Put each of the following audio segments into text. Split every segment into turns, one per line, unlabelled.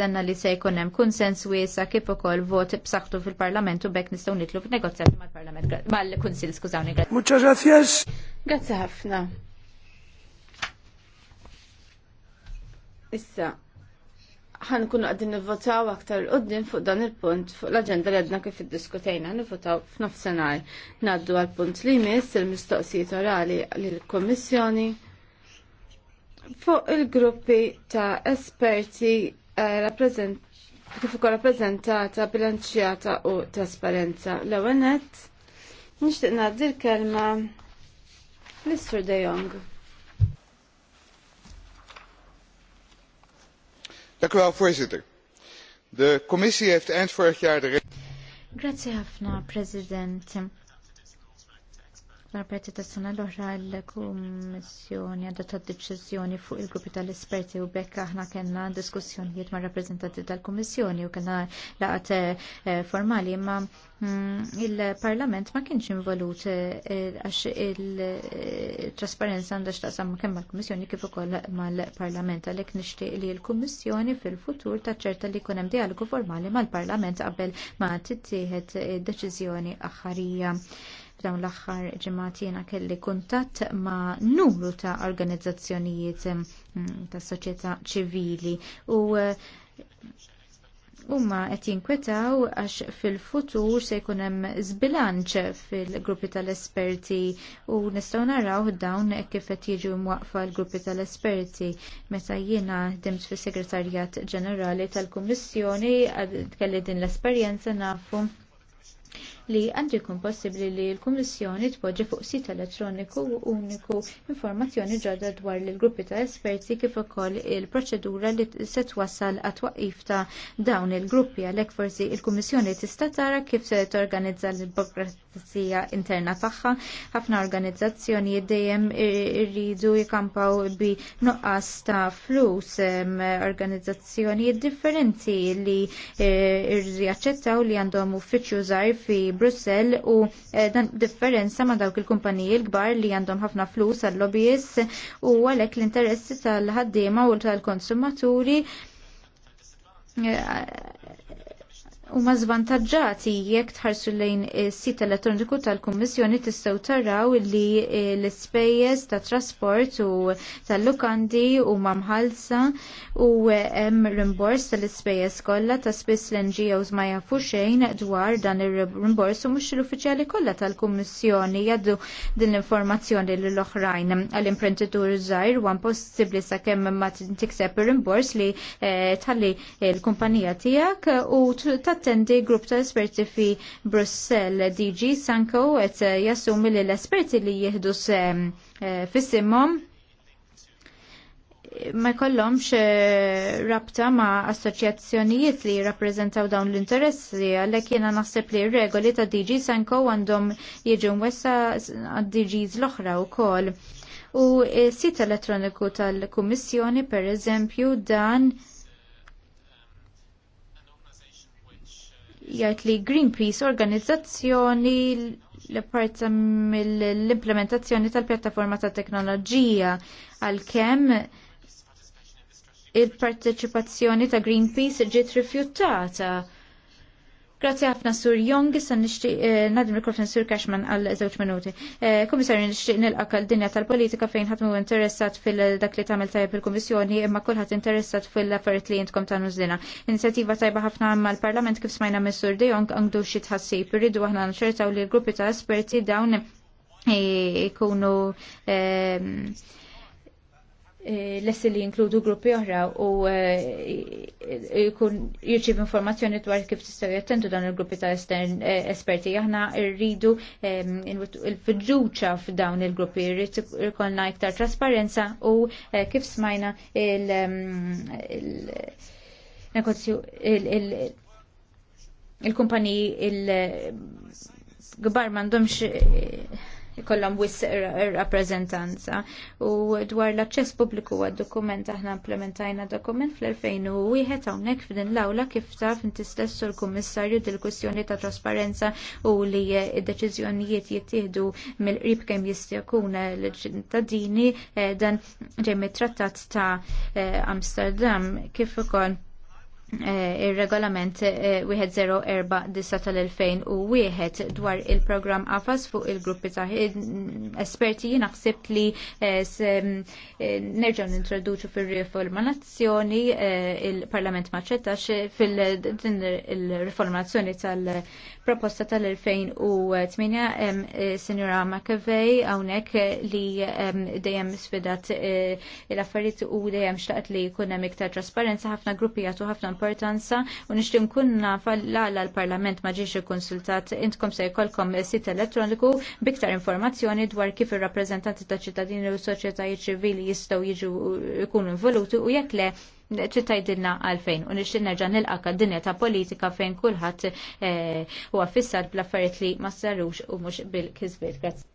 Danna li se jkun hemm kunsens wiesa kif ukoll vot b'saħħtu fil-Parlament u bekk nistgħu nitlu f'negozjati mal-Parlament mal-Kunsill, skużawni. Muchas
gracias. Grazzi ħafna. Issa, ħan kunu għaddin nivvotaw aktar l-qoddin fuq dan il-punt fuq l-agenda li għadna kif id-diskutejna nivvotaw f'nofsenar. Naddu għal-punt li jmiss il-mistoqsijiet orali l-Kommissjoni fuq il-gruppi ta' esperti Eh, kif ukoll rappreżentata bilanċjata u trasparenza. L-ewwel nett nixtieq ngħaddi l-kelma Mr. De Jong.
Dank u wel, voorzitter.
De commissie heeft eind vorig jaar de... Grazie, Hafna, president. L-rapporti tas sena l-oħra l-Kummissjoni adottat deċiżjoni fuq il-gruppi tal-esperti u bekk aħna kellna diskussjonijiet ma' rappreżentanti tal-Kummissjoni u kellna laqat eh, formali imma mm, il-Parlament ma kienx involut eh, għax il-trasparenza għandha x'taqsam kemm mal-Kummissjoni kif ukoll mal-Parlament għalhekk nixtieq li l-Kummissjoni fil-futur taċċerta li jkun hemm dialogu formali mal-Parlament qabel ma tittieħed eh, deċiżjoni aħħarija dawn l-aħħar ġimgħat jiena kelli kuntatt ma' numru ta' organizzazzjonijiet mm, tas soċjetà ċivili u eh, Umma qed jinkwetaw għax fil-futur se jkun hemm żbilanċ fil-gruppi tal-esperti u nistgħu naraw dawn kif qed jiġu mwaqfa l-gruppi tal-esperti. Meta jiena ħdimt fis-Segretarjat Ġenerali tal-Kummissjoni kelli din l-esperjenza nafu li għandu jkun possibbli li l-Kummissjoni tpoġġi fuq sit elettroniku u uniku informazzjoni ġodda dwar l gruppi ta' esperti kif ukoll il-proċedura li se twassal għat twaqif ta' dawn il-gruppi għalhekk forsi l kummissjoni tista' tara kif se torganizza l-burokrazija interna tagħha. Ħafna organizzazzjonijiet dejjem irridu jikampaw bi nuqqas ta' flus organizzazzjonijiet differenti li eh, irriaċċettaw li għandhom uffiċċju żgħar fi Brussel u eh, dan differenza ma' dawk il-kumpaniji l-kbar li għandhom ħafna flus għal lobbies u għalek l-interessi tal-ħaddiema u tal-konsumaturi eh, huma zvantaġġati jekk tħarsu lejn is-sit elettroniku tal-Kummissjoni tistgħu taraw li l-ispejjeż ta' trasport u tal-lukandi huma mħalsa u hemm rimbors tal-ispejjeż kollha ta' spiss l-NGOs ma jafu xejn dwar dan ir-rimbors u mhux l-uffiċjali kollha tal-Kummissjoni jaddu din l-informazzjoni l oħrajn għall-imprenditur żgħir huwa impossibbli sakemm ma tikseb ir-rimbors li eh, tħalli l-kumpanija tiegħek u ta' attendi grupp ta' esperti fi Brussell DG Sanko qed jassumi li l-esperti li jieħdu se eh, fissimhom ma jkollhomx eh, rabta ma' assoċjazzjonijiet li jirrappreżentaw dawn l-interessi għalhekk jiena naħseb li r-regoli ta' DG Sanko għandhom jiġu mwessa għad-DGs l-oħra wkoll. U s sit elettroniku tal-Kummissjoni pereżempju dan jgħid li Greenpeace organizzazzjoni li parta mill-implementazzjoni tal-pjattaforma ta' teknoloġija għal-kemm il-parteċipazzjoni ta' Greenpeace ġiet rifjutata Grazzi ħafna Sur Jong, issa nishti, eh, nadim il-mikrofon Sur Cashman għal żewġ minuti. Eh, Komissarju nixtieq nilqak għal dinja tal-politika fejn ħatmu interessat fil-dak li tagħmel tajjeb il-Kummissjoni imma kulħadd interessat fil-affarijiet li jintkom ta' nużlina. Inizjativa tajba ħafna għamma l-Parlament kif smajna sur De Jong għandu xi tħassib. Irridu aħna nċertaw li l-gruppi ta' esperti dawn ikunu eh, Eh, lessi li jinkludu gruppi oħra u jkun eh, jirċiv informazzjoni dwar kif tista' jattendu dan il-gruppi ta' estern eh, esperti. Aħna rridu il-fiduċa f'dawn il-gruppi, rrid ikollna iktar trasparenza u kif smajna il- mm, il-kumpaniji il-gbar mandomx ikollhom wis rappreżentanza. U dwar l-aċċess pubbliku għad-dokument aħna implementajna dokument fl-2001 hawnhekk f'din l-awla kif taf intistess stess l-Kummissarju dil-kwistjoni ta' trasparenza u li d-deċiżjonijiet jittieħdu mill-qrib kemm jista' jkun l-ċittadini eh, dan ġemmi trattat ta' eh, Amsterdam kif ukoll Eh, il-regolament 1049 eh, tal-2001 dwar il-program AFAS fuq il-gruppi ta' esperti naħseb li eh, nerġaw nintroduċu fil-reformulazzjoni il-Parlament maċċettax fil-reformulazzjoni tal- proposta tal-2008 eh, Senjora McAvey hawnhekk eh, li dejjem sfidat eh, l-affarijiet u dejjem xtaqt li jkun hemm iktar trasparenza ħafna gruppi għatu ħafna importanza u nixtieq kunna naf l l-Parlament ma konsultat intkom se jkollkom sit elettroniku biktar informazzjoni dwar kif ir-rappreżentanti ta' ċittadini u soċjetajiet ċivili jistgħu jiġu jkunu involuti u jekk le ċittajdilna għalfejn u nixin nerġa' nilqa' dinja ta' politika fejn kulħadd eh, huwa għafissar bl-affarijiet li ma
sarux u mhux bil-kisbiet. Grazzi.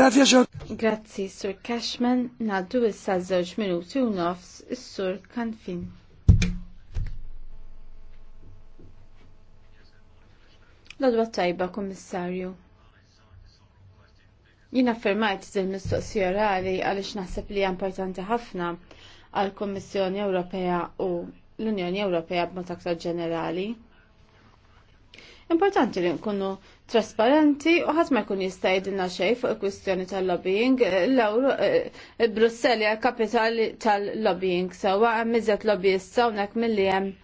Grazie Grazzi, Sur Cashman. Naddu issa żewġ minuti u nofs is-Sur Kanfin. L-odwa tajba, Kommissarju. Jina affermajt dil mistoqsija orali għaliex naħseb li hija importanti ħafna għal Kommissjoni Ewropea u l-Unjoni Ewropea b'mod aktar ġenerali. Importanti li nkunu trasparenti u ħadd ma jkun jista' jgħidilna xejn fuq il-kwistjoni tal-lobbying. L-ewro eh, Brusselli għal kapitali tal-lobbying sewwa hemm iżjed hawnhekk milli hemm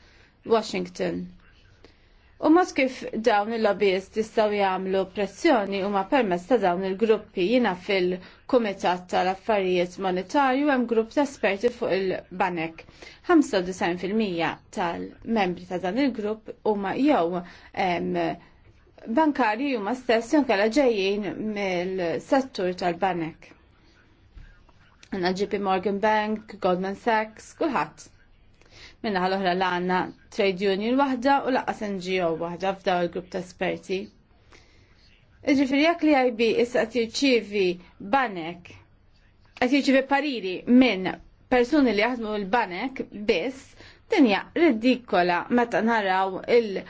Washington. U mod kif dawn il-lobbyist jistaw jagħmlu pressjoni huma permess ta' dawn il-gruppi jina fil-Kumitat tal-Affarijiet Monetarju hemm grupp ta' esperti fuq il-banek. 95% tal-membri ta' dan il-grupp huma jew bankari huma stess jonkela ġejjin mill-settur tal-banek. Għanna JP Morgan Bank, Goldman Sachs, kulħadd minna ħal-oħra l-għanna trade union wahda u laqqas NGO wahda f'daw il-grupp ta' esperti. Iġifiri jak li IB issa għat jirċivi banek, għat jirċivi pariri minn persuni li jaħdmu l-banek biss, dinja ridikola meta naraw il-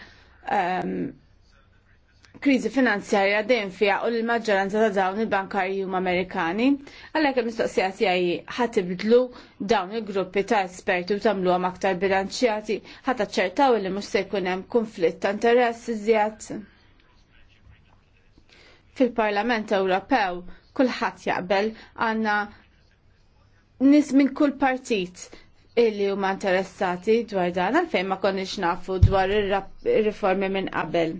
um, kriżi finanzjarja dejjem fiha u l-maġġoranza ta' dawn il-bankarji huma Amerikani, għalhekk il-mistoqsija tiegħi ibdlu dawn il-gruppi ta' esperti u tagħmluhom aktar bilanċjati ħadd aċċertaw li mhux se jkun hemm konflitt ta' interess żjad. Fil-Parlament Ewropew kulħadd jaqbel għandna nis minn kull partit illi huma interessati dwar dan għalfejn ma konniex nafu dwar ir-riformi minn qabel.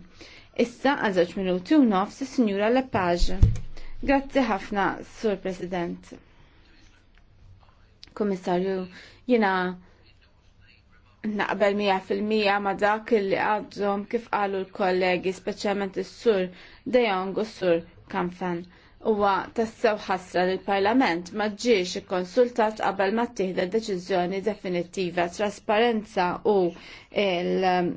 Issa għal żewġ minuti u nofs is-Sinjura Lepage. Grazzi ħafna, Sur President. Komissarju, jina naqbel 100% ma dak li għadżom kif qalu l-kollegi, speċjalment is-sur Dejong u s-sur Kamfan. Huwa tassew ħasra l-Parlament ma ġiex ikkonsultat qabel ma tieħda deċiżjoni definittiva trasparenza u l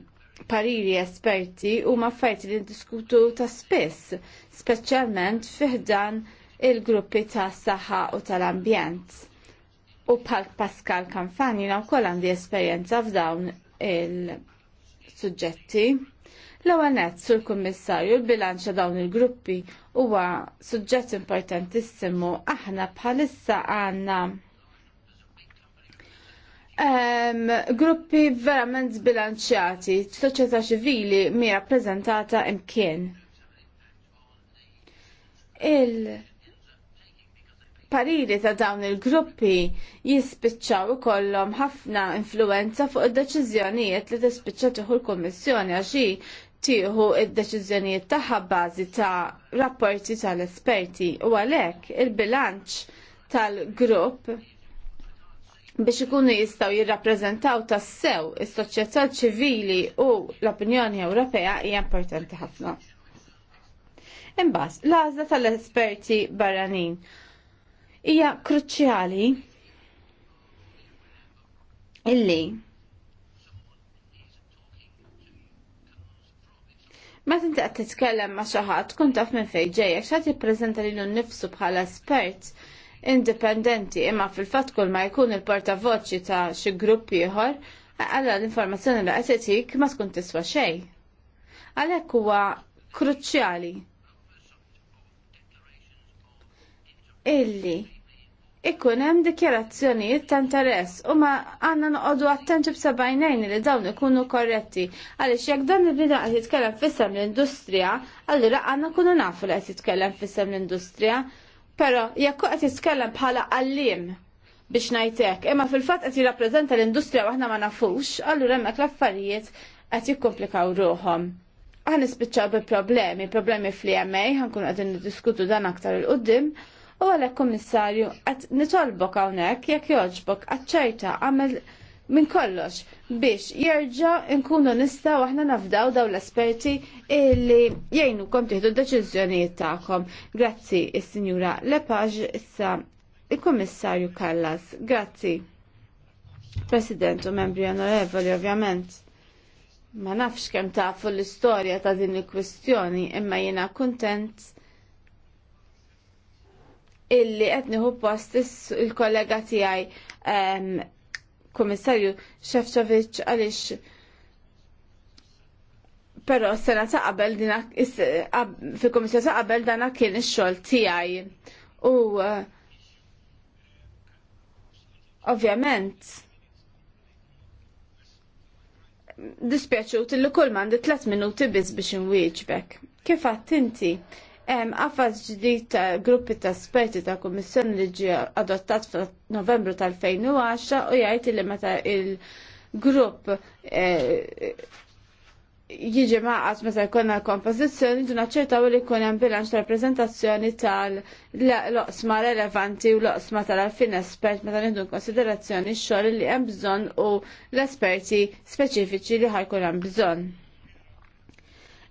pariri esperti u maffajti li diskutu ta' spess, specialment fiħdan il-gruppi ta' saħħa u tal-ambjent. U bħal Pascal Kanfani na' kol għandi esperjenza f'dawn il-sujġetti. L-ewwel nett sur kummissarju l-bilanċ dawn il-gruppi huwa suġġett importantissimu aħna bħalissa għandna um, gruppi verament zbilanċjati, soċjetà ċivili mi rappreżentata imkien. Il pariri ta' dawn il-gruppi jispiċċaw ikollhom ħafna influenza fuq id-deċiżjonijiet li tispiċċa tieħu l-Kummissjoni għax tieħu id-deċiżjonijiet tagħha bażi ta' rapporti tal-esperti u għalhekk il-bilanċ tal-grupp biex ikunu jistaw jirrappreżentaw tassew is-soċjetà ċivili u l-opinjoni Ewropea hija importanti ħafna. Imbagħad, l-għażla tal-esperti barranin hija kruċjali illi Meta tinti qed titkellem ma' xi ħadd tkun taf minn fejn ġejjek x'għad li lilu nnifsu bħala espert indipendenti imma fil-fatt kull ma jkun il-portavoċi ta' xi grupp ieħor għalla l-informazzjoni li qed għetetik ma tkun tiswa xejn. Għalhekk huwa kruċjali illi ikun hemm dikjarazzjonijiet ta' interess u ma għandna noqogħdu attenti b'sebgħinejn li dawn ikunu korretti għaliex jekk dan il bidu qed jitkellem fissem l-industrija, allura għandna kunu nafu li qed jitkellem fissem l-industrija Pero jekk qed jitkellem bħala għallim biex ngħidlek, imma fil-fatt qed jirrappreżenta l-industrija waħna ma nafux, allura hemmhekk l-affarijiet qed jikkomplikaw ruhom. Għan nispiċċaw bi problemi, problemi fl-EMA, ħankun qegħdin niddiskutu dan aktar il-qudiem, u għalhekk kummissarju qed nitolbok hawnhekk jekk jogħġbok, aċċerta għamel minn kollox biex jerġa' nkunu nista' aħna nafdaw daw l-esperti illi jgħinukom tieħdu d-deċiżjonijiet tagħkom. Grazzi il sinjura Lepaġ, issa il-Kummissarju Kallas. Grazzi. President u membri onorevoli ovvjament. Ma nafx kemm tafu l-istorja ta' din il-kwestjoni imma jiena kuntent illi qed nieħu post il-kollega tiegħi kummissarju Šefčovic għaliex però s-sena ta' qabel fil-Kummissjoni ta' qabel dana kien ix-xogħol tiegħi. U uh, ovvjament t li kull mandi 3 minuti biss biex inwieġbek. Kif għatt inti? Għafas ġdid ta' gruppi ta' esperti ta' kummissjoni li ġie adottat f'Novembru tal-2010 u jgħid li meta il-grupp eh, jiġi maqas meta jkollna l-kompożizzjoni ċerta u li jkun hemm bilanċ ta' rappreżentazzjoni tal-loqsma relevanti u loqsma tal-għalfin espert meta nieħdu konsiderazzjoni x-xogħol li hemm bżonn u l-esperti speċifiċi li ħajkun hemm bżonn.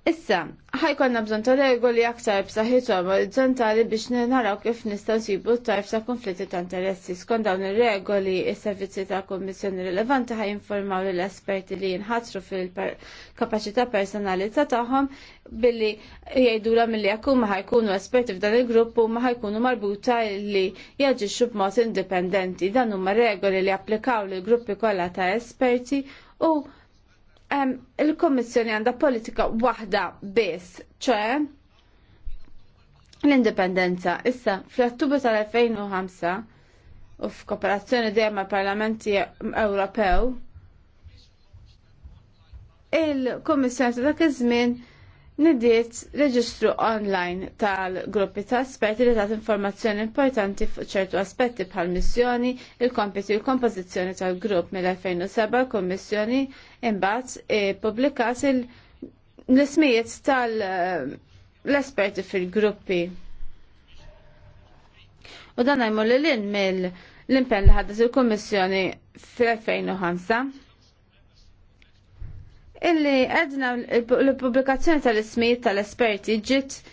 Issa, ħajkonna bżon ta' regoli aktar b'saħħithom orizzontali biex naraw kif nistgħu nsibu tarf ta' konflitti ta' interessi. Skont dawn ir-regoli, is-servizzi ta' kummissjoni rilevanti ħajinformaw lill esperti li jinħatru fil-kapaċità personali ta' tagħhom billi jgħidula milli jekk ma ħajkunu esperti f'dan il-grupp u ma ħajkunu marbuta li jaġixxu b'mod indipendenti. Dan huma regoli li applikaw lill gruppi kollha ta' esperti u il-Kommissjoni għandha politika waħda biss, ċe l-indipendenza. Issa, fl-Ottubru tal-2005 u f'kooperazzjoni dejjem mal-Parlamenti Ewropew, il-Kommissjoni ta' dak iż-żmien Nidiet reġistru online tal-gruppi ta' esperti li tat informazzjoni importanti fuq ċertu aspetti bħal missjoni, il-kompiti u l-kompożizzjoni tal-grupp mill-2007 l-Kommissjoni imbagħad e, publikat l-ismijiet tal-esperti e, fil-gruppi. U dan għajmu l-lin mill-impen li ħaddet il-Kommissjoni fil-2005 illi għedna l-publikazzjoni tal-ismijiet tal-esperti ġiet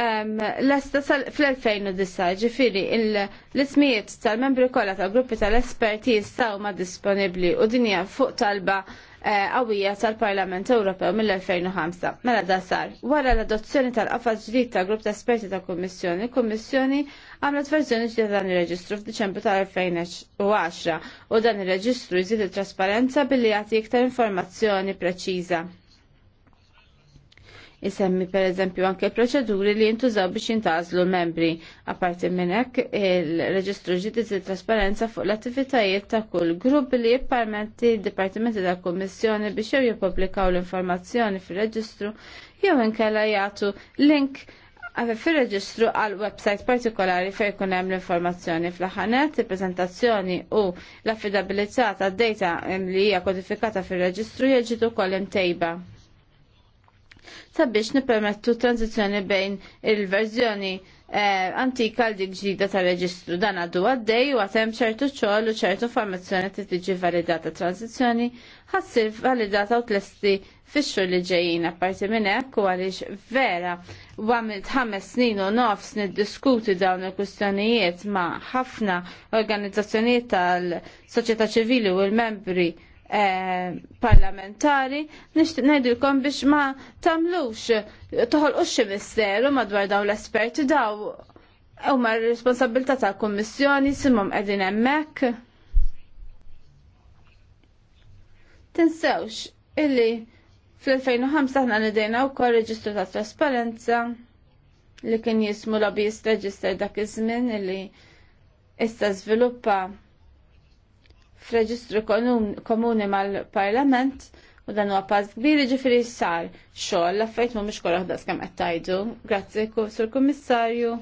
l-esta fl-2009 ġifiri l-ismijiet tal-membri kollha tal-gruppi tal-esperti jistaw ma disponibli u dinja fuq talba għawija eh, tal-Parlament Ewropew mill-2005. Mela da sar, wara l-adozzjoni tal-qafas ġdid tal grupp ta' esperti ta' kummissjoni, kummissjoni għamlet verżjoni ġdida dan il-reġistru f'Diċembru tal-2010 u dan il-reġistru jżid il-trasparenza billi jagħti iktar informazzjoni preċiża isemmi per eżempju anke proċeduri li jintużaw biex jintazlu membri. Aparti minn hekk il-reġistru ġdid trasparenza fuq l-attivitajiet ta' kull grupp li jipparmenti d-dipartimenti tal kummissjoni biex jew jippubblikaw l-informazzjoni fir-reġistru jew inkella jagħtu link Għave fil-reġistru għal website partikolari fej kun hemm l-informazzjoni fl-ħanet, il-prezentazzjoni u l-affidabilità ta' data li hija kodifikata fil-reġistru jeġitu kollim imtejba sabiex nipermettu tranzizjoni bejn il-verżjoni eh, antika l dik ġdida tal reġistru dan għaddu għaddej u għatem ċertu ċol u ċertu formazzjoni t tiġi validata transizjoni ħassir validata u t-lesti fisċu li ġejjina parti minn hekk u għaliex vera u għamilt ħames snin u nofs niddiskuti dawn il-kustjonijiet ma' ħafna organizzazzjonijiet tal-soċjetà ċivili u l-membri Eh, parlamentari, nishtiq ngħidilkom biex ma tagħmlux toħolqu xi misteru madwar dawn l-esperti daw huma r-responsabilità tal-Kummissjoni simhom qegħdin emmek. Tinsewx illi fl-2005 aħna nidejna wkoll reġistru ta' trasparenza li kien jismu lobbyist reġister dak iż-żmien illi issa żviluppa f'reġistru komuni mal-Parlament u dan huwa pass kbir ġifieri sar xogħol l-affarijiet mhumiex kollha ħdas kemm qed tgħidu. Grazzi sur Kummissarju.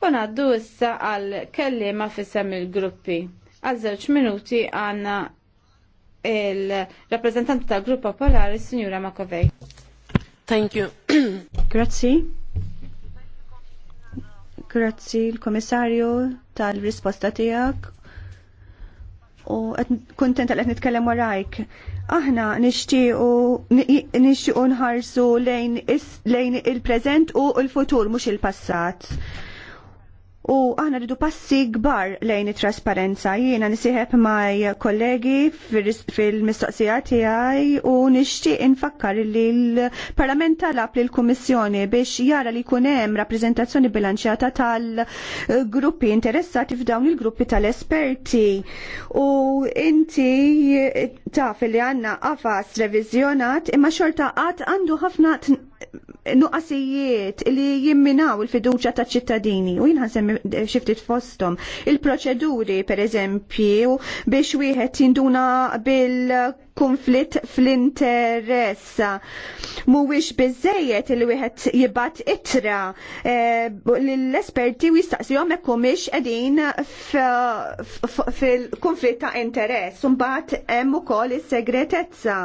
U ngħaddu issa għal kelliema fisem il-gruppi. Għal żewġ minuti għandna il-rappresentant tal grupp popolari, Signora Makovej. Thank you.
Grazzi. Grazzi l-Komissarju tal-risposta tijak u kontenta li qed nitkellem warajk. Aħna nixtiequ nixtiequ nħarsu lejn il-preżent u l-futur mhux il-passat. il passat U aħna rridu passi gbar lejn it-trasparenza. Jiena nisiħeb maj kollegi fil-mistoqsija tiegħi u nixtieq infakkar li l-Parlament talab li l-Kummissjoni biex jara li jkun hemm rappreżentazzjoni bilanċjata tal-gruppi interessati f'dawn il-gruppi tal-esperti. U inti taf li għandna qafas reviżjonat imma xorta qatt għandu ħafna nuqqasijiet li jimminaw il-fiduċa ta' ċittadini u jinħan semmi eh, xiftit fostom il-proċeduri per eżempju biex wieħed jinduna bil konflitt fl-interess. Mhuwiex biżejjed li wieħed jibgħat itra lill-esperti eh, u jistaqsihom hekk humiex qegħdin fil-konflitt ta' interess. Mbagħad hemm ukoll is-segretezza.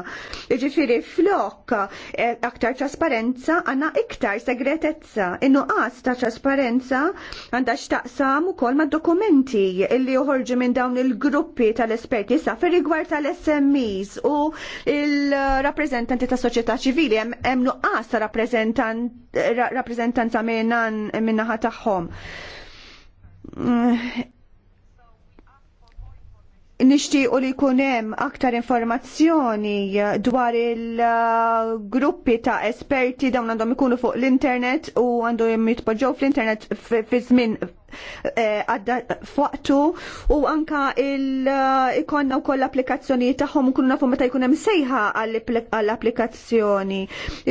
Jiġifieri flok eh, aktar trasparenza għandna iktar segretezza. Innuqas ta' trasparenza għandha x'taqsam ukoll mad-dokumenti illi joħorġu minn dawn il-gruppi tal-esperti sa fir rigward tal-SMEs u il-rappresentanti ta' soċjetà ċivili hemm nuqqas ta' rappreżentanza min-naħa tagħhom. Nixtiequ li jkun hemm aktar informazzjoni dwar il-gruppi ta' esperti dawn għandhom ikunu fuq l-internet u għandhom jitpoġġew fl-internet fi żmien Eh, għadda fuqtu u anka il-ikonna eh, u koll applikazzjoni taħħom nkunu nafu meta jkun hemm sejħa għall-applikazzjoni.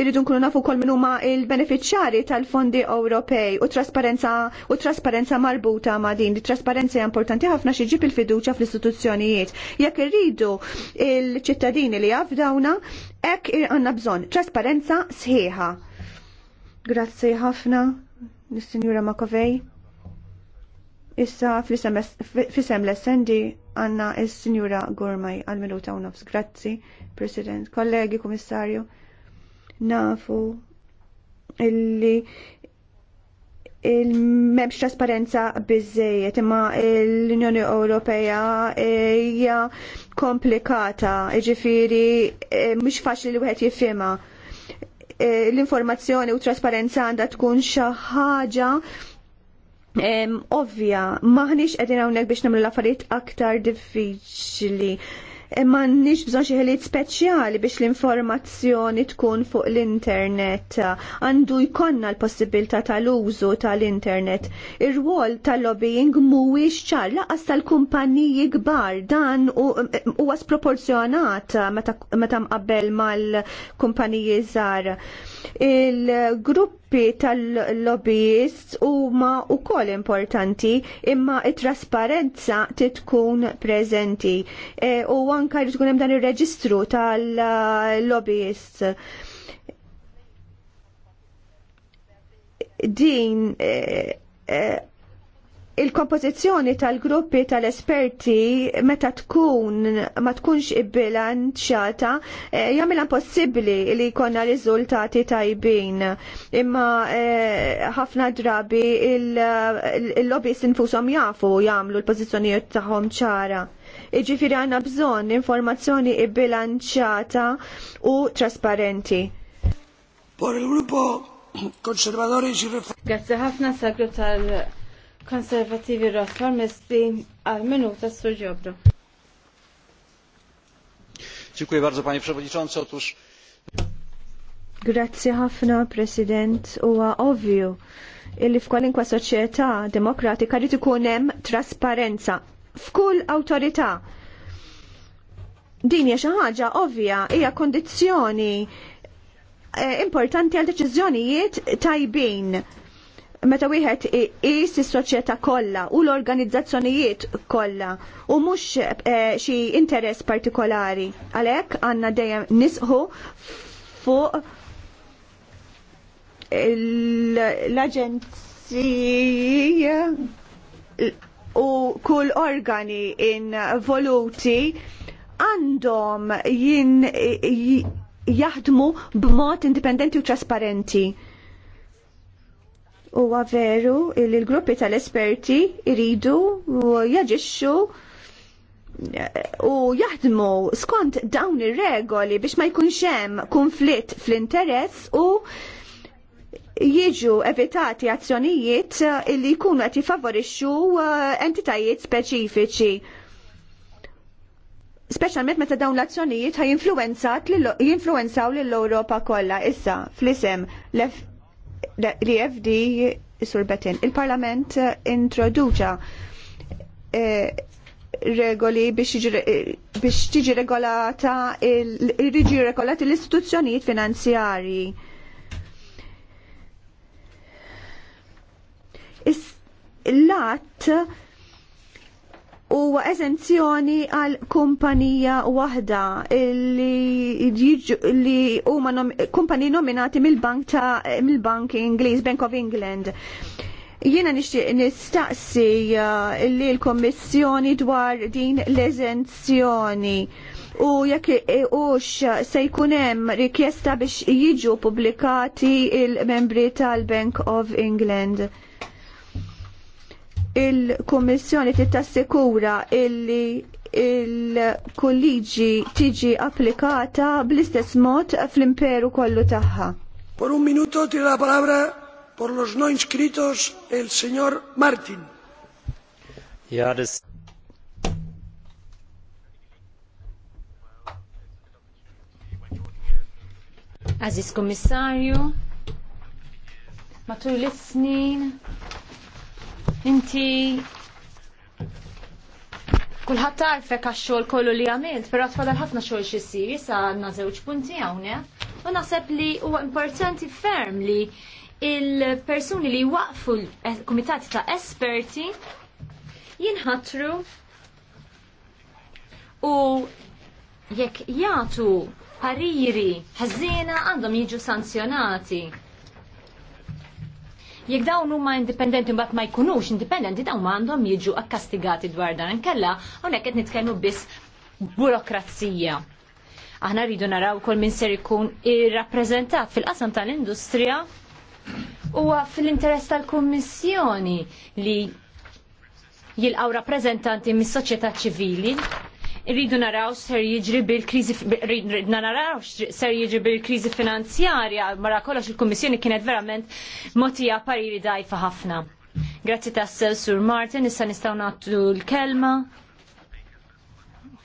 Irridu nkunu nafu kol minn huma il-beneficjari tal-fondi Ewropej u trasparenza u trasparenza marbuta ma' din. Di trasparenza importanti ħafna xiġib il-fiduċa fl-istituzzjonijiet. Jekk irridu il-ċittadini li jafdawna, ek għanna bżon trasparenza sħiħa. Grazzi ħafna, nis-Sinjura Makovej. Issa fisem l-essendi għanna il-Sinjura Gormaj għal-minuta u nofs. Grazzi, President, kollegi, komissarju. Nafu illi il-memx trasparenza bizzejiet imma l-Unjoni Ewropea eh, hija komplikata, ġifiri eh, mhux faċli li wieħed jifhimha. Eh, l-informazzjoni u trasparenza għandha tkun xi ħaġa ovvja, maħniex qegħdin hawnhekk biex nagħmlu laffariet aktar diffiċli. Imma nix bżon xi ħiliet speċjali biex l-informazzjoni tkun fuq l-internet. Għandu jkonna l-possibilità tal-użu tal-internet. Ir-rwol tal-lobbying mhuwiex ċar laqas tal-kumpaniji kbar dan huwa sproporzjonat meta mqabbel mal-kumpaniji żgħar. Il-grupp gruppi tal-lobbyist huma wkoll importanti imma t trasparenza titkun preżenti e, u anke li tkun hemm dan ir-reġistru tal-lobbyist. Din e, e, il kompozizjoni tal-gruppi tal-esperti meta tkun ma tkunx ibbilanċata eh, jagħmilha possibbli li jkollna riżultati tajbin. Imma eh, ħafna drabi il-lobbies infushom jafu jagħmlu l-pożizzjonijiet tagħhom ċara. Iġifieri għandna bżonn informazzjoni bilanċata u trasparenti. Por il-gruppo konservatori ġi
Grazie ħafna sagru tal konservativi reformisti għal
minuta sur ġobru.
Dziękuję bardzo panie przewodniczący. Otóż
Grazzi ħafna President huwa ovvju illi f'kwalinkwa soċjetà demokratika rrid ikun hemm trasparenza f'kull awtorità. Din hija xi ħaġa ovvja hija kondizzjoni eh, importanti għal deċiżjonijiet tajbin meta wieħed is is-soċjetà kollha u l-organizzazzjonijiet kollha u mhux eh, xi interess partikolari. Għalhekk għandna dejjem nisħu fuq l-aġenzija u kull organi involuti għandhom jin jaħdmu b'mod indipendenti u trasparenti huwa veru li l-gruppi tal-esperti iridu jaġixxu eh, u jaħdmu skont dawn ir-regoli biex ma jkunx hemm konflitt fl-interess u jiġu evitati azzjonijiet eh, li jkunu qed jifavorixxu eh, entitajiet speċifiċi. Speċjalment meta dawn l-azzjonijiet ħajinfluwenzat jinfluwenzaw lill-Ewropa kollha issa fl-isem li FD surbetin. Il-Parlament eh, introduċa eh, regoli eh, biex tiġi regolata il-riġi regolati l-istituzzjonijiet finanzjari. Is-lat huwa eżenzjoni għal kumpanija waħda li huma kumpani nominati mill-bank ta' mill-bank Ingliż, Bank of England. Jiena nixtieq nistaqsi uh, li l-Kommissjoni dwar din l-eżenzjoni u jekk ux se jkun hemm rikjesta biex jiġu pubblikati il-membri tal-Bank of England il-Kummissjoni titassikura illi il-kolliġi tiġi applikata bl-istess mod fl-imperu kollu tagħha. Por un minuto tiene la palabra por los no inscritos el señor Martin.
Ja, Aziz Komissarju, matul is snin Inti kulħadd tarfek għax-xogħol kollu li għamilt, però tfadal ħafna xogħol xi jissa issa zewċ żewġ punti hawnhekk. U naħseb li huwa importanti ferm li il-persuni li waqfu l-kumitati ta' esperti jinħatru u jekk jagħtu pariri ħażina għandhom jiġu sanzjonati. Jekk dawn huma indipendenti mbagħad ma jkunux indipendenti dawn m'għandhom jiġu akkastigati dwar dan kella hawnhekk qed nitkellmu biss burokrazija. Aħna rridu naraw kol min ser ikun irrappreżentat fil-qasam tal-industrija u fil-interess tal-Kummissjoni li jilqaw rappreżentanti mis-soċjetà ċivili rridu naraw ser jiġri bil-krizi, rridna naraw ser jiġri bil-krizi finanzjarja, mara kollox il-Kommissjoni kienet verament motija pariri dajfa ħafna. Grazzi tassew Sur Martin, issa nistaw nagħtu l-kelma.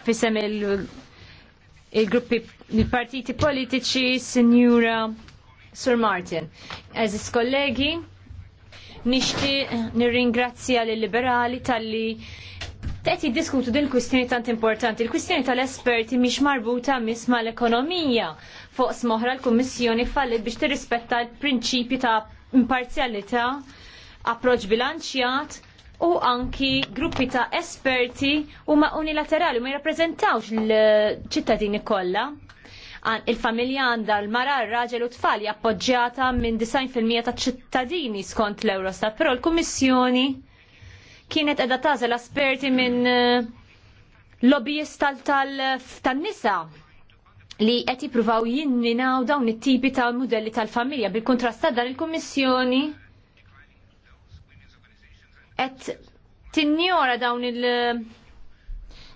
Fisem il-gruppi, il gruppi il partiti politiċi, Signora Sur Martin. Eżis kollegi, nishti nirringrazzja lill liberali tal-li qed jiddiskutu din kwistjoni tant importanti. Il-kwistjoni tal-esperti mhix marbuta miss mal-ekonomija. Fuq smoħra l-Kummissjoni fallit biex tirrispetta l-prinċipji ta' imparzjalità, approċ bilanċjat, u anki gruppi ta' esperti u ma' unilaterali ma' jirrappreżentawx l-ċittadini kollha. Il-familja għandha l-mara, raġel u tfal appoġġjata minn 90% ta' ċittadini skont l-Eurostat, però l-Kummissjoni kienet edha tażel asperti minn eh, lobbyista tal-nisa li qed jippruvaw jinninaw dawn it-tipi ta' modelli tal-familja bil kontrasta dan il-Kummissjoni qed tinjora dawn il-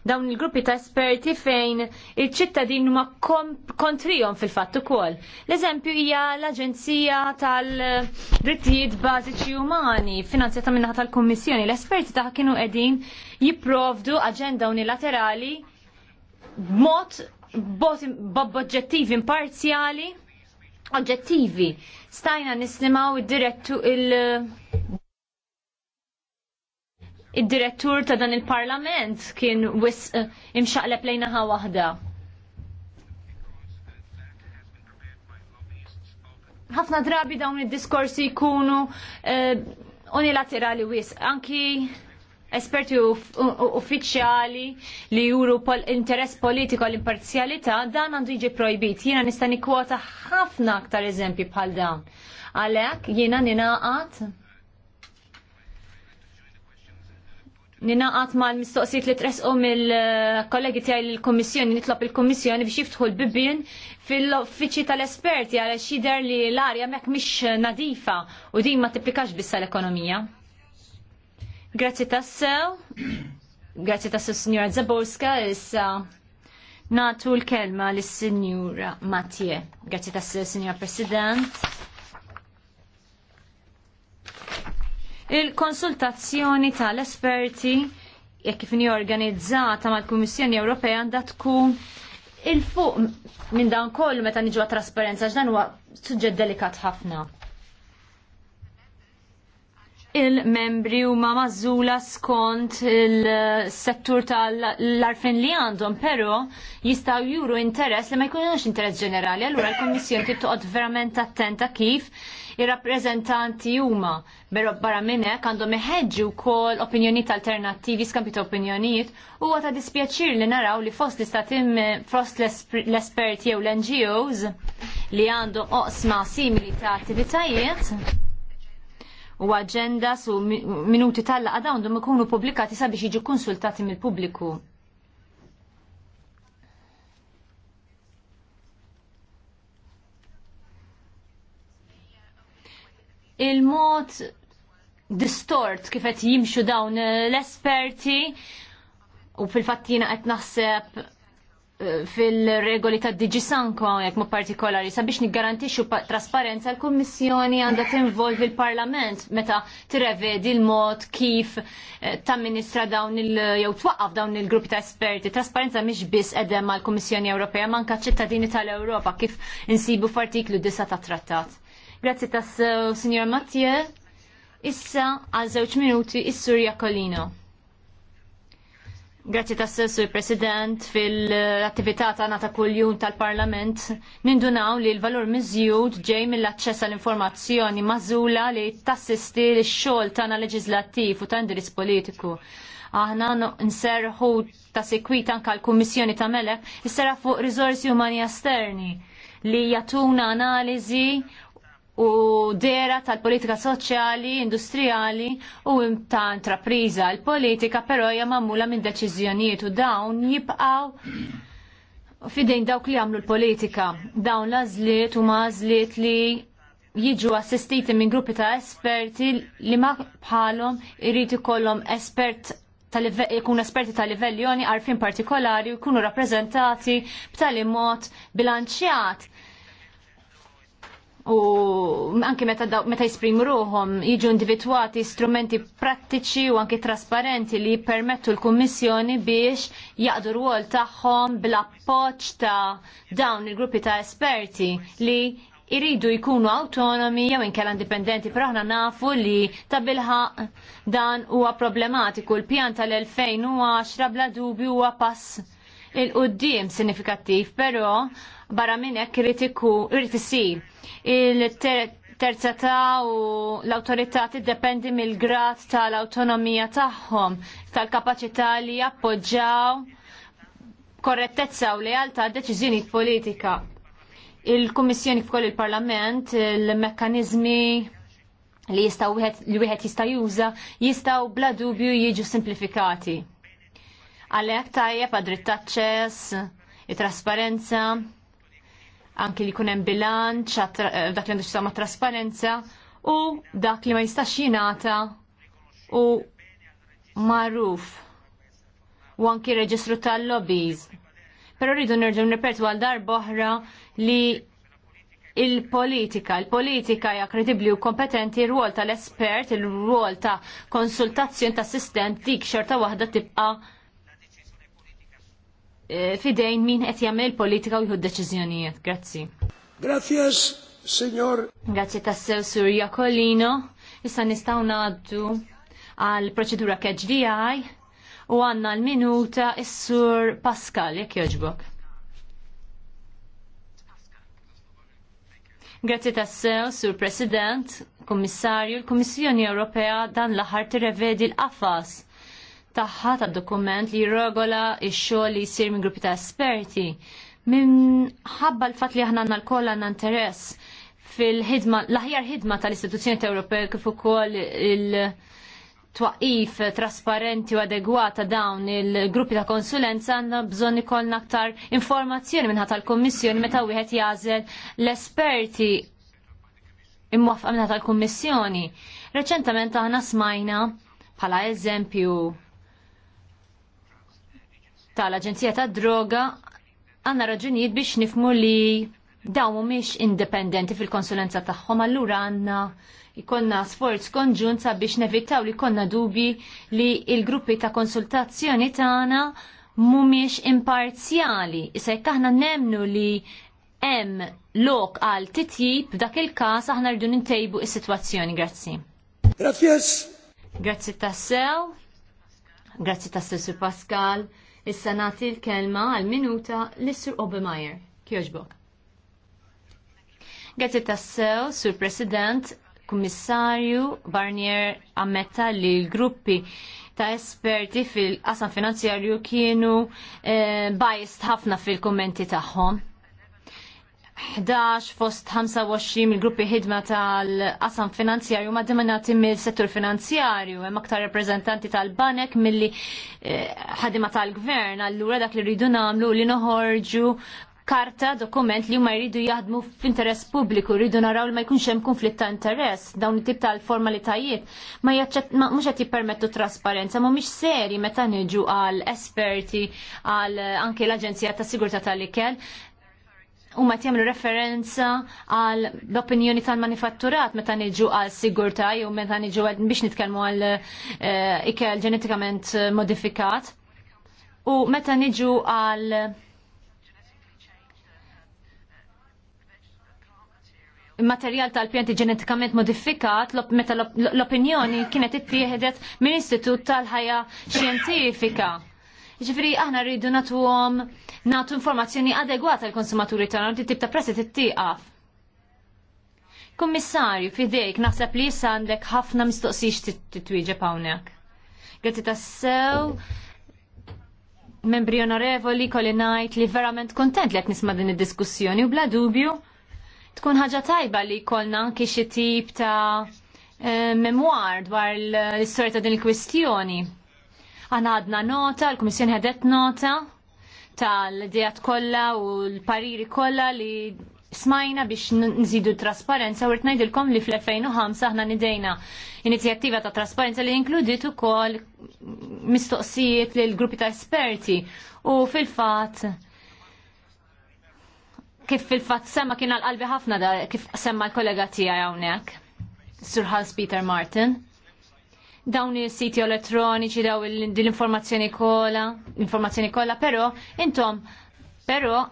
dawn il-gruppi ta' esperti fejn il-ċittadin ma kontrihom fil-fatt ukoll. L-eżempju hija l-Aġenzija tal-Drittijiet Bażiċi Umani, finanzjata minnaħa tal-Kummissjoni. L-esperti ta' kienu qegħdin jipprovdu aġenda unilaterali b'mod b'oġġettivi imparzjali oġġettivi. Stajna nisimgħu id direttu il id-direttur ta' dan il-parlament kien wis uh, imxaqleb lejnaħa waħda. ħafna drabi dawn id-diskorsi jkunu eh, unilaterali wis, anki esperti uffiċjali li juru interess politiku l imparzjalità dan għandu jiġi projbit. Jiena nista' nikkwota ħafna aktar eżempji bħal dawn. Għalhekk jiena ninaqat ninaqat ma l-mistoqsijiet li tresqom mill-kollegi tijaj l komissjoni nitlob il-Kummissjoni biex jiftħu l-bibien fil-uffiċċji tal-esperti għal xider li l-arja mek mhix nadifa u din ma tipplikax bissa l-ekonomija. Grazzi tassew, grazzi tassew signora Zaborska, issa natu l-kelma l-signora Mattie. Grazzi tassew signora President. Il-konsultazzjoni tal-esperti jekk kif organizzata mal-Kummissjoni Ewropea għandha tkun il-fuq minn dan kollu meta niġu trasparenza x'dan huwa suġġett delikat ħafna il-membri huma mażula skont il-settur tal-arfin li għandhom, però jistgħu juru interess li ma jkunux interess ġenerali, allura l komissjon kif toqgħod verament attenta kif ir-rappreżentanti huma però barra minn hekk għandhom iħeġġu wkoll opinjonijiet alternattivi skampi ta' opinjonijiet huwa ta' dispjaċir li naraw li fost l-istati fost l-esperti jew l-NGOs li għandhom oqsma simili ta' attivitajiet u agenda su minuti tal-laqa dawn dum ikunu publikati sabiex jiġu konsultati mill-pubbliku. Il-mod distort kif qed jimxu dawn l-esperti u fil-fattina qed naħseb fil-regoli ta' Digi Sanko, jek mu partikolari, sabiex nigarantixu trasparenza l-Kommissjoni għanda tinvolvi l-Parlament meta t-revedi l-mod kif eh, ta' ministra dawn il- jew twaqqaf dawn il-gruppi ta' esperti. Trasparenza miex biss edem mal kommissjoni Ewropea, manka ċittadini tal-Ewropa kif insibu f'artiklu disa ta' trattat. Grazzi tas signor Mattie. Issa għal żewġ minuti is-Surja Kolino. Grazzi tassessu il-President fil-attività tagħna ta' kuljum tal-Parlament nindunaw li l-valur miżjud ġej mill-aċċess għall informazzjoni mażula li tassisti l-xogħol tagħna leġislattiv u ta' indiris politiku. Aħna nserħu ta' sekwit anke l-Kummissjoni ta' Melek issera fuq rizorsi umani esterni li jatuna analiżi u dera tal-politika soċjali, industrijali u ta' intrapriża. L-politika però hija magħmula minn deċiżjonijiet u dawn jibqgħu fidejn dawk li jagħmlu l-politika. Dawn l-għażliet u mażliet li jiġu assistiti minn gruppi ta' esperti li ma bħalhom irid ikollhom espert jkun esperti ta' livelli għarfien għarfin partikolari u jkunu rappreżentati b'tali mod bilanċjat u anke meta, meta jisprimu ruhom jiġu individwati strumenti prattiċi u anke trasparenti li jippermettu l-Kummissjoni biex jaqdu rwol tagħhom bl-appoġġ ta' dawn il-gruppi ta' esperti li iridu jkunu autonomi jew inkella indipendenti però aħna nafu li ta' bilħaq dan huwa problematiku l-pjan tal-2010 bla dubju huwa pass il-qoddim sinifikattiv, pero barra minnek kritiku irtisir. Il-terza ta' u l-autorità tiddependi mill-grad tal-autonomija tagħhom, tal-kapaċità li jappoġġaw korrettezza u lealtà deċiżjoni politika. Il-Kummissjoni f'koll il-Parlament, il-mekkanizmi li jistaw li wieħed jista' juża jistgħu bla dubju jiġu simplifikati. Għalhekk tajjeb għad-dritt aċċess, it-trasparenza, anki li jkun hemm bilanċ eh, dak li għandu xisama trasparenza u dak li ma jistax jingħata u magħruf u anki reġistru tal-lobbies. Pero rridu nerġu nirpertu għal dar boħra li il-politika. Il-politika hija kredibbli u kompetenti r-rwol tal-espert, il-rwol ta' konsultazzjoni ta' assistent dik xorta waħda tibqa' Eh, fidejn min qed jagħmel politika u jħud deċiżjonijiet. Grazzi. Grazzi, signor. Grazzi tassew sur Jakolino. Issa nistgħu ngħaddu għal proċedura KGDI u għanna l-minuta is-sur Pascal jekk jogħġbok. Grazzi tassew, Sur President, Kommissarju, l-Kommissjoni Ewropea dan l-aħħar tirrevedi l-qafas tagħha tad-dokument li jirregola x-xogħol li jsir minn gruppi ta' esperti. Minħabba l-fatt li aħna għandna lkoll għandna interess fil-ħidma, l-aħjar ħidma tal-istituzzjoni Ewropea kif ukoll il-twaqif trasparenti u adegwata dawn il-gruppi ta' konsulenza għandna bżonn ikollna aktar informazzjoni minnħat tal-Kommissjoni meta wieħed jażel l-esperti imwaffaq minnħat tal-Kommissjoni. Reċentament aħna smajna bħala eżempju tal-Aġenzija tad-Droga għandna raġunijiet biex nifmu li dawn mhumiex indipendenti fil-konsulenza tagħhom allura għandna ikonna sforz konġunt sabiex nevitaw li konna dubi li il-gruppi ta' konsultazzjoni tagħna mhumiex imparzjali. Issa jekk aħna nemnu li hemm lok għal titjib dak il-każ aħna rridu nintejbu is-sitwazzjoni. Grazzi. Grazzi. Grazzi tassew. Grazzi tassew Sir Pascal. Issa nagħti l-kelma għal minuta l-Sur Obermeyer. Kjoġbok. Għazzi tassew, Sur President, Kummissarju Barnier ammetta li l-gruppi ta' esperti fil-qasam finanzjarju kienu eh, bajst ħafna fil-kommenti tagħhom 11 fost 25 il-gruppi ħidma tal-qasam finanzjarju ma demenati mill-settur finanzjarju, hemm aktar reprezentanti tal-banek milli eh, ħadima tal-gvern, allura dak li rridu nagħmlu li noħorġu karta, dokument li huma jridu jaħdmu f'interess pubbliku, jridu naraw li ma jkunx hemm konflitt ta' interess, dawn it-tip tal-formalitajiet, ma mhux qed jippermettu trasparenza, mhumiex seri meta niġu għal esperti għal anke l-Aġenzija ta' Sigurtà tal-Ikel, huma jagħmlu referenza għal l-opinjoni tal-manifatturat meta niġu għal sigurtà u meta niġu biex nitkellmu għal eh, ikel ġenetikament modifikat. U meta niġu għal materjal tal-pjanti ġenetikament modifikat meta l-opinjoni kienet ittieħdet mill Istitut tal-ħajja xjentifika. Ġifri, aħna rridu għom, natu informazzjoni adegwata l-konsumaturi tagħna li tip ta' t tittieqaf. Kummissarju, fidejk, naħseb li jissa għandek ħafna mistoqsix titwieġeb hawnhekk. ta' sew, membri onorevoli kolli ngħid li verament kontent li qed nisma' din id-diskussjoni u bla dubju tkun ħaġa tajba li jkollna anki xi tip ta' eh, memwar dwar l-istorja ta' din il-kwistjoni Għana għadna nota, l-Komissjoni ħedet nota tal-dijat kolla u l-pariri kolla li smajna biex nżidu trasparenza u rtnajdilkom li fl-2005 aħna nidejna inizjattiva ta' trasparenza li inkludit ukoll mistoqsijiet li l-gruppi ta' esperti u fil-fat kif fil-fat semma kien l qalbi ħafna da kif semma l-kollega tija għawnek, Hans Peter Martin dawn il-siti elettroniċi, daw l-informazzjoni l informazzjoni kola, pero intom, pero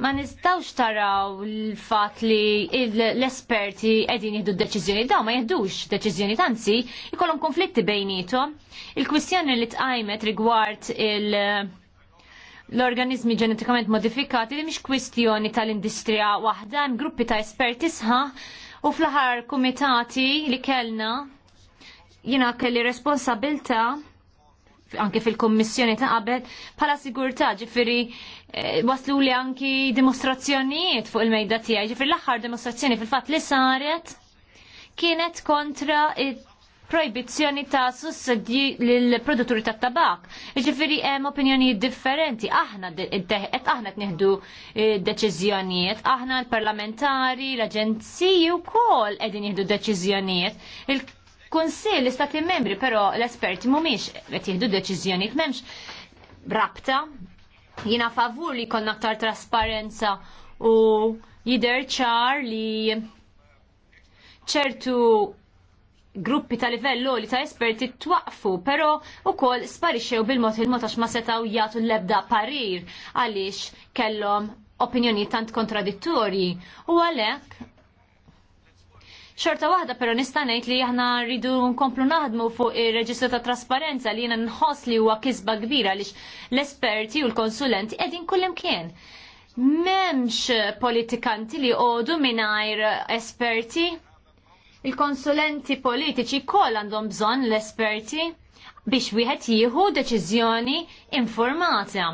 ma nistawx taraw l-fat li l-esperti edin jihdu d-deċizjoni, daw ma jihdux deċizjoni, tanzi, jikollom konflitti bejnietom. Il-kwistjoni li tqajmet rigward il- l-organizmi ġenetikament modifikati li mhix kwistjoni tal-industrija waħda, hemm gruppi ta' esperti sħaħ u fl-aħħar kumitati li kellna jina kelli responsabilta anke fil-kommissjoni ta' qabel bħala sigurtà ġifiri eh, waslu li anki dimostrazzjonijiet fuq il-mejda tiegħi ġifiri l-aħħar dimostrazzjoni fil-fatt li saret kienet kontra proibizzjoni ta' sussidji lill-produtturi tat tabak. Ġifiri hemm opinjonijiet differenti. Aħna qed aħna tnieħdu eh, deċiżjonijiet, aħna l-parlamentari, l-aġenziji wkoll qegħdin jieħdu deċiżjonijiet kunsill l-istati membri, però l-esperti mhumiex qed jieħdu deċiżjoni m'hemmx rabta jiena favur li jkollna aktar trasparenza u jidher ċar li ċertu gruppi ta' livello li ta' esperti twaqfu, pero u kol sparixew bil-mot il-mot ma setaw jgħatu l-ebda parir għalix kellom opinjoni tant kontradittori u għalek Xorta waħda pero nista' ngħid li aħna rridu nkomplu naħdmu fuq ir-reġistru ta' trasparenza li jiena nħoss li huwa kisba kbira għaliex l-esperti u l-konsulenti qegħdin kullimkien. M'hemmx politikanti li għodu mingħajr esperti il-konsulenti politiċi kol għandhom bżonn l-esperti biex wieħed jieħu deċiżjoni informata.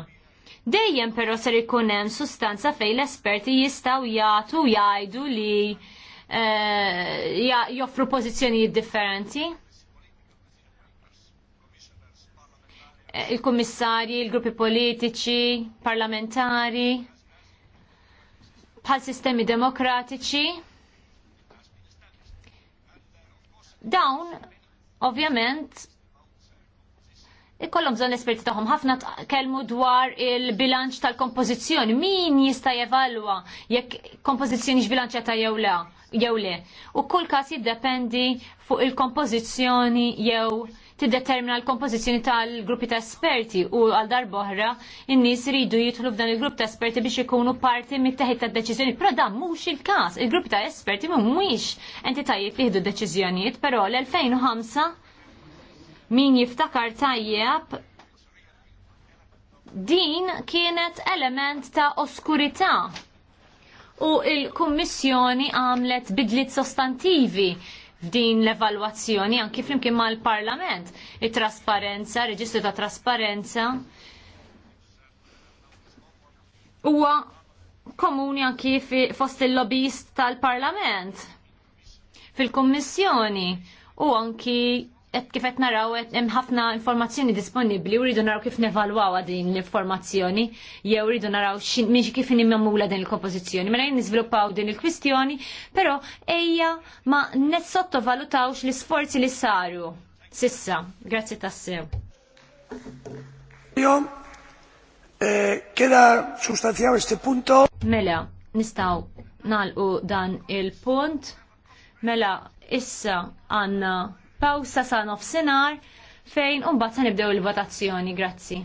Dejjem però ser ikun hemm sustanza fejn l-esperti jistgħu jagħtu jgħidu li Eh, joffru pożizzjonijiet differenti. Eh, il-kummissarji, il-gruppi politiċi, parlamentari, bħal sistemi demokratiċi. Dawn, ovvjament, ikollhom bżonn l-esperti tagħhom ħafna kelmu dwar il-bilanċ tal-kompożizzjoni. Min jista' jevalwa jekk kompożizzjoni x'bilanċata jew le jew le. U kull każ jiddependi fuq il-kompożizzjoni jew tiddetermina l-kompożizzjoni tal-gruppi ta' esperti u għal darboħra in-nies iridu jidħlu f'dan il-grupp ta' esperti biex ikunu parti mit-teħid tad-deċiżjoni. Però dan mhux il-każ. Il-gruppi ta' esperti mhumiex entitajiet li jieħdu deċiżjonijiet, però l-2005 Min jiftakar tajjeb din kienet element ta' oskurità u il-Kummissjoni għamlet bidliet sostantivi f'din l-evalwazzjoni anki flimkien mal-Parlament. Il-trasparenza, reġistru ta' trasparenza huwa komuni anki fost il-lobbyist tal-Parlament fil kummissjoni u anki et qed naraw hemm ħafna informazzjoni disponibbli, u rridu naraw kif nevalwaw din l-informazzjoni jew rridu naraw minn kif nimmammula din il-kompożizzjoni. Mela niżviluppaw din il-kwistjoni, però ejja ma nessottovalutawx l-isforzi li saru. Sissa, grazzi tassew. Jo, keda eh, sustanzjaw este punto. Mela, nistaw nalqu dan il-punt. Mela, issa għanna pawsa sa' nofsinhar fejn u mbagħad nibdew il-votazzjoni. Grazzi.